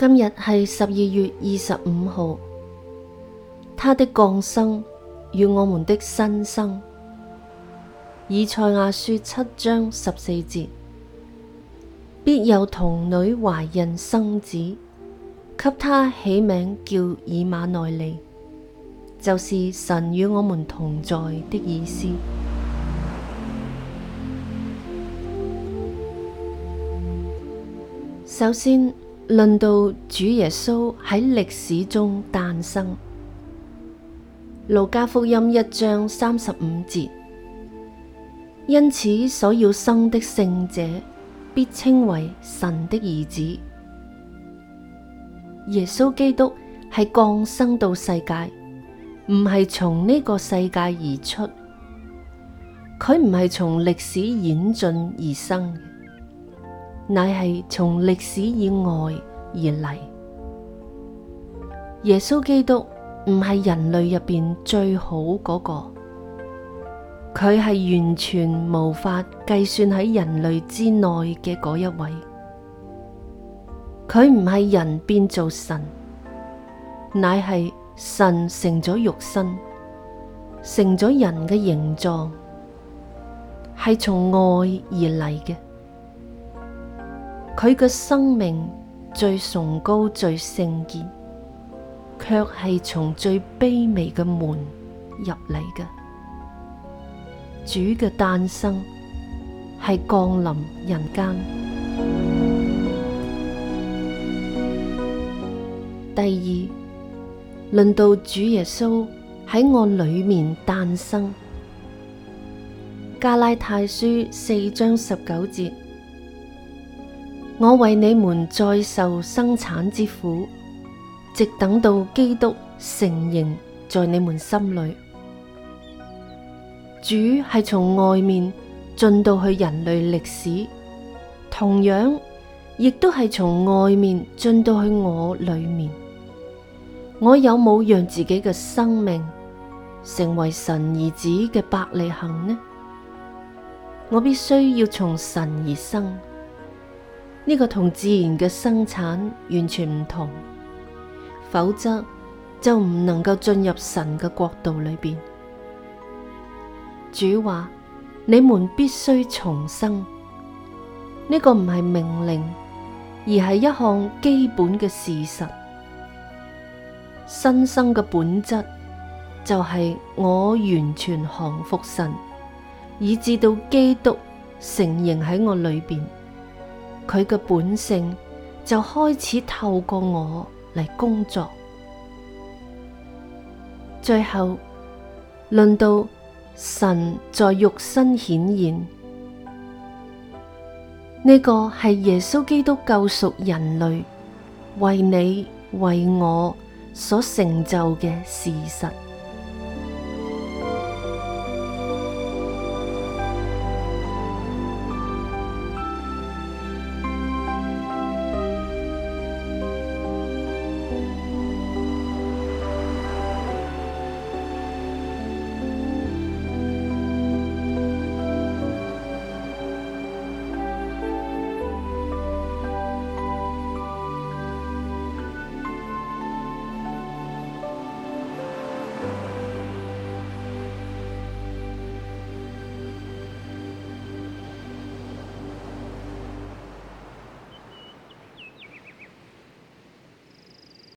今日係十二月二十五號，他的降生與我們的新生。以賽亞書七章十四節，必有童女懷孕生子，給他起名叫以馬內利，就是神與我們同在的意思。首先。論到主耶穌喺歷史中誕生，《路加福音》一章三十五節，因此所要生的聖者，必稱為神的兒子。耶穌基督係降生到世界，唔係從呢個世界而出，佢唔係從歷史演進而生。乃係從歷史以外而嚟，耶穌基督唔係人類入邊最好嗰個，佢係完全無法計算喺人類之內嘅嗰一位。佢唔係人變做神，乃係神成咗肉身，成咗人嘅形狀，係從愛而嚟嘅。佢嘅生命最崇高、最聖潔，卻係從最卑微嘅門入嚟嘅。主嘅誕生係降臨人間。第二，輪到主耶穌喺我裏面誕生。加拉泰書四章十九節。我為你們再受生產之苦，直等到基督成形在你們心裏。主係從外面進到去人類歷史，同樣亦都係從外面進到去我裏面。我有冇讓自己嘅生命成為神兒子嘅伯利恆呢？我必須要從神而生。呢個同自然嘅生產完全唔同，否則就唔能夠進入神嘅國度裏邊。主話：你們必須重生。呢、這個唔係命令，而係一項基本嘅事實。新生嘅本質就係我完全降服神，以至到基督成形喺我裏邊。佢嘅本性就開始透過我嚟工作，最後論到神在肉身顯現，呢、這個係耶穌基督救贖人類、為你、為我所成就嘅事實。